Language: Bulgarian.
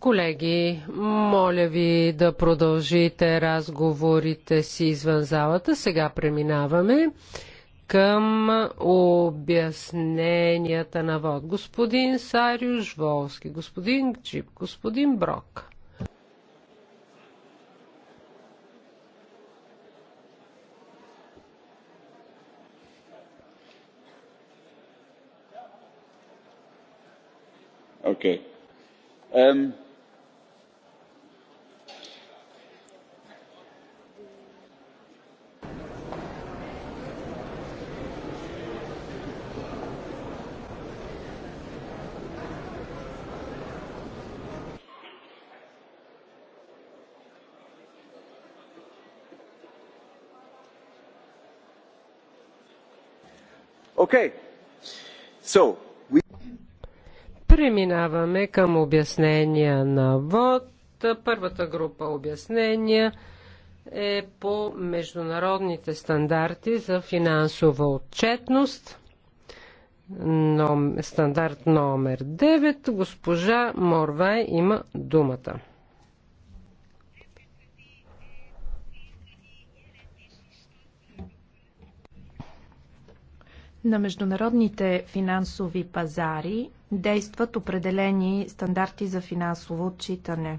Колеги, моля ви да продължите разговорите си извън залата. Сега преминаваме към обясненията на вод. Господин Сариуш Волски, господин Чип, господин Брок. Okay. Um, okay. So, we... Преминаваме към обяснения на ВОД. Първата група обяснения е по международните стандарти за финансова отчетност. Стандарт номер 9. Госпожа Морвай има думата. На международните финансови пазари действат определени стандарти за финансово отчитане.